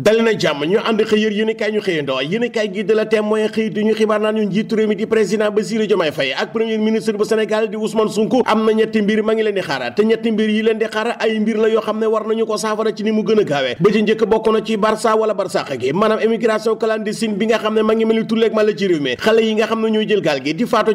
dali na jàmm ñu ànd xëy yër yéen i kaay ñu xëyandoo yéen i kaay gi de la témoin xëy di ñu xibaar naan ñu njiitu réew mi di président Bassirou Diomaye Faye ak premier ministre bu Sénégal di Ousmane Sonko am na ñetti mbir ma ngi leen di xaar te ñetti mbir yi leen di xaar ay mbir la yoo xam ne war nañu ko saafara ci ni mu gën a gaawee ba ci njëkk bokk na ci Barça wala Barsax gi maanaam émigration clandestine bi nga xam ne ma ngi mel ni tulleeg ma la ci ne ñooy jël gaal gi di faatu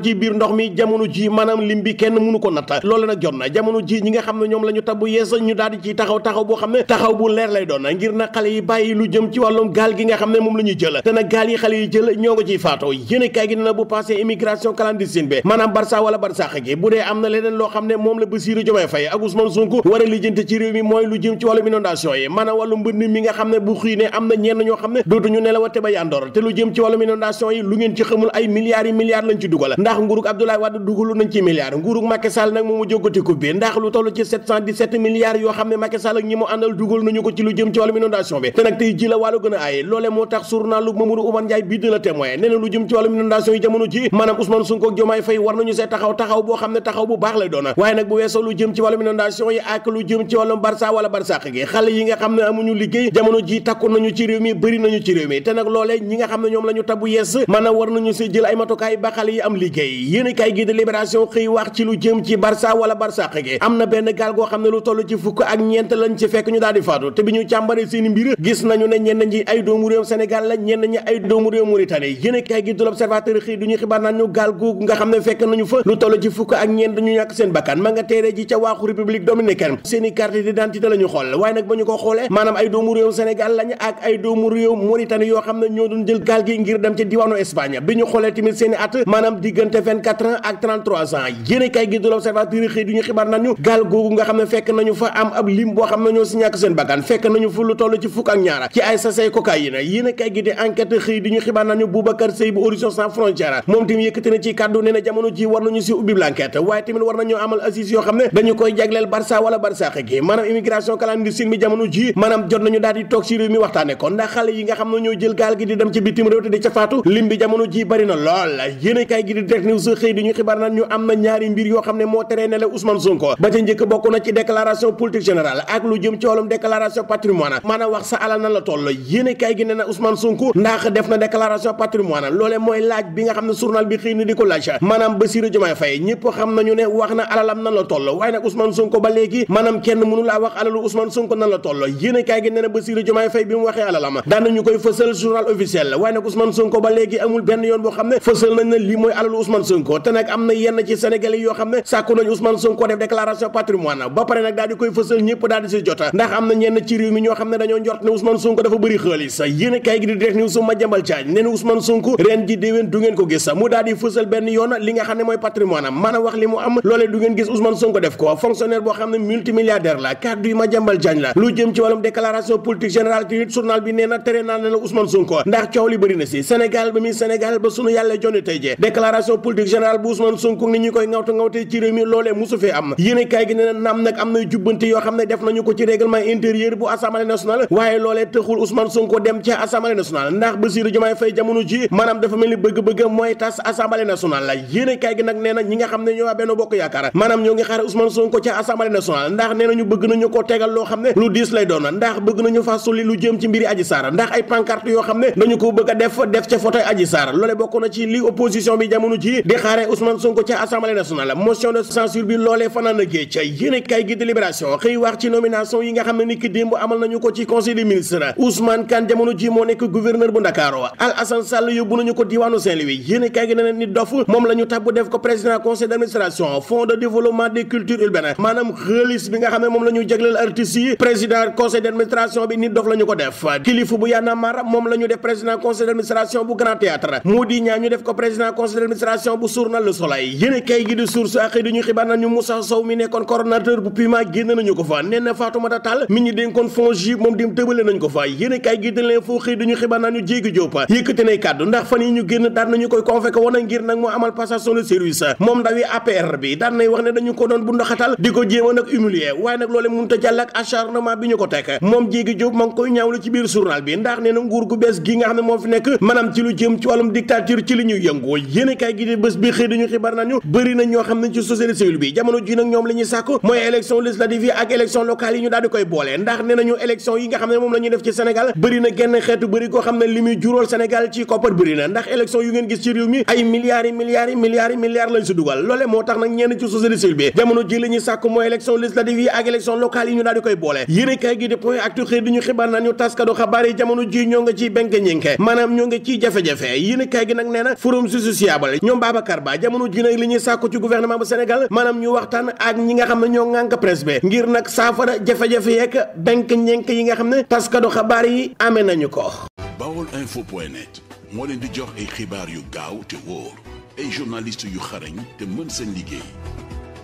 mi jamono ji maanaam lim bi kenn mënu ko natta loolu nag jot na jamono ji ñi nga xam ne ñoom la ñu tabbu yees ñu daal di ci taxaw taxaw boo xam ne taxaw bu leer lay doon ngir na yi bàyyi lu jëm ci wàllum gaal gi nga xam ne moom la ñuy jël te nag gaal yi xale yi jël ñoo ngi ciy faatoo yéene kaay gi ne na bu passé immigration clandestine bi maanaam barça wala barsax gi bu dee am na leneen loo xam ne moom la Bassirou Diomaye Faye ak Ousmane Sonko war a lijjanti ci réew mi mooy lu jëm ci wàllum inondation yi maanaam wàllum mbënn mi nga xam ne bu xii ne am na ñenn ñoo xam ne dootuñu nelawate ba yàndoor jëm ci wàllum inondation yi lu ngeen ci ay milliards yi milliards lañ ci dugal ndax nguurug Abdoulaye Wade dugalu nañ ci milliards nguurug Macky Sall nag moomu jógati ko bi ndax lu toll ci 717 milliards yoo xam ne Macky Sall ak ñi mu àndal dugal nañu ko ci lu jëm ci wàllum inondation bi tey ji la wàllu gën a ay loole moo tax journalu Mamadou Oumar Ndiaye bii de la témoin nee lu jëm ci wàllum inondation yi jamono ji maanaam Ousmane Sonko ak Diomaye Faye war nañu see taxaw taxaw boo xam ne taxaw bu baax lay doona waaye nag bu weesoo lu jëm ci wàllum inondation yi ak lu jëm ci wàllum barça wala barsàq gi xale yi nga xam ne amuñu liggéey jamono ji takku nañu ci mi bëri nañu ci mi te nag loole ñi nga xam ne ñoom la ñu tabu yees ba xale yi am liggéey yéen na benn gaal nañu ne ñenn ñi ay doomu réew Sénégal la ñenn ñi ay doomu réew Mauritanie a kaay gi du l'observateur xëy du ñu xibaar naan ñu gaal googu nga xam ne fekk nañu fa lu toll ci fukk ak ñeent dañu ñàkk nga teere ji ca waaxu république dominicaine seeni carte d'identité la ñu xool waaye nag ba ñu ko xoolee yoo xam ne ñoo doon jël gaal gi ngir dem ca diwaanu Espagne bi ñu xoolee tamit seeni at maanaam diggante 24 ans ak 33 ans yéen a kaay gi du l'observateur xëy googu nga xam ne fekk nañu fa am ab lim boo xam ne ñoo si ñàkk seen bakkan fekk nañu fu lu toll ci fukk ak ñaar frontière ci ay sachet cocaïne yéen a kay gi di enquête xëy di ñu xibaar nañu Boubacar Seye bu Horizon Sans Frontières moom tamit yëkkati na ci kàddu nee na ji war ne jot nañu daal toog si réew mi waxtaane ko ndax xale yi nga xam ne jël gaal gi di dem ci bitim réew te di ca faatu lim bi jamono ji bari na lool gi di Direct News xëy di ñu xibaar nañu am na ñaari mbir yoo xam ne moo teree ne la Ousmane Sonko ba ca njëkk bokk na ci déclaration politique générale la toll yéene kaay gi ne na Ousmane ndax def na déclaration patrimoine loolee mooy laaj bi nga xam ne journal bi xëy na di ko laaj maanaam ba léegi maanaam kenn bi mu waxee alalam daan nañu koy fësal journal officiel waaye nag Ousmane Sonko ba léegi amul benn yoon boo xam ne fësal nañ na lii mooy alalu Ousmane Sonko te nag am na yenn ci sénégalais yoo xam ne sàkku nañ Ousmane Sonko def déclaration patrimoine ba pare nag daal di koy fësal ñëpp daal di si Ousmane Sonko dafa bëri xaalis yéen kaay gi di direct news Madiambal Diagne nee na Ousmane Sonko ren ji déwén du ngeen ko gis mu daal fësal benn yoon li nga xam ne mooy patrimoine am maanaam wax li mu am loolee du ngeen gis Ousmane Sonko def ko fonctionnaire boo xam ne multimilliardaire la kaddu yi Madiambal Diagne la lu jëm ci wàllum déclaration politique générale na tere bu Ousmane Sonko ni ñu koy ngawte ngawte ci réew mi loolee musu fee am yéen gi nee na nag am waaye taxul Ousmane Sonko dem ca assemblée nationale ndax Bassirou Diomaye Faye jamono ji maanaam dafa mel ni bëgg-bëgg mooy tas assemblée nationale la na nga xam ne Bokk Yaakaar maanaam ñoo ngi xaar ndax nee ñu bëgg nañu ko tegal loo xam ne lu diis lay doon ndax bëgg nañu fa sulli lu jëm ci mbiri Adji Sarr ndax ay pancarte yoo xam ne dañu ko bëgg a def def ca photo Adji Sarr loole bokk na ci li opposition bi jamono ji di xaare Ousmane Sonko ca assemblée nationale motion de censure bi loolee fanaan a kaay gi délibération xëy wax ci yi nga xam ne ni ki démb amal nañu ko ci conseil des ministre Ousmane Kane jamono ji moo nekk gouverneur bu Ndakaaru Al Hassane Sall yóbbu nañu ko diwaanu Saint-Louis yéene kaay gi ne nit ko président conseil de développement des cultures urbaines maanaam xaalis bi nga xam ne moom la ñu président conseil d'administration bi nit dof la ko def kilifa bu Y'en moom la def président conseil d'administration bu Grand Théâtre moo di ñaa ñu def ko président conseil d'administration bu journal Le Soleil yéene kaay ko fa yéene kaay gi leen foo xëy dañu xibaar naa ñu jóopa yëkkati nañu koy convoqué woon ngir nag moo amal passation de service moom ndawi APR bi daan wax ne dañu ko doon bu ndoxatal di ko jéem a nag humilier waaye nag loole mënut jàll ak acharnement bi ñu ko teg moom jéegi jóob ma koy ñaawlu ci biir journal bi ndax nee na nguur gu bees gi nga xam ne moo fi nekk maanaam ci lu jëm ci wàllum dictature ci li ñuy yëngu yéene kaay gi bés bi xëy dañu def ci Sénégal bëri na genn xeetu bëri koo xam ne li muy juróol Sénégal ci koppar bëri na ndax élection yu ngeen gis ci réew mi ay milliards yi milliards yi milliards yi milliards lañ si dugal loole moo tax nag ñenn ci société civile bi jamono ji la ñuy sàkk mooy élection législative yi ak élection locale yi ñu daal di koy boole yéene kaay gi di point actu xëy di ñu xibaar naan ñu taskado xabaar yi jamono ji ñoo nga ciy benk ñinke maanaam ñoo nga ciy jafe-jafe yéene kaay gi nag nee na forum justiciable ñoom Babacar Ba jamono ji nag li ñuy sàkku ci gouvernement bu Sénégal maanaam ñu waxtaan ak ñi nga xam ne ñoo ŋànk presse bi ngir nag saafara jafe-jafe yeek benk ñenk yi nga xam ne taskado taskatu xabaar yi amee nañu ko. bawol info point net moo leen di jox ay xibaar yu gaaw te wóor ay journaliste yu xarañ te mën seen liggéey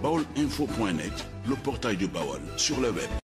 bawol info point net le portail du Bawol sur le web.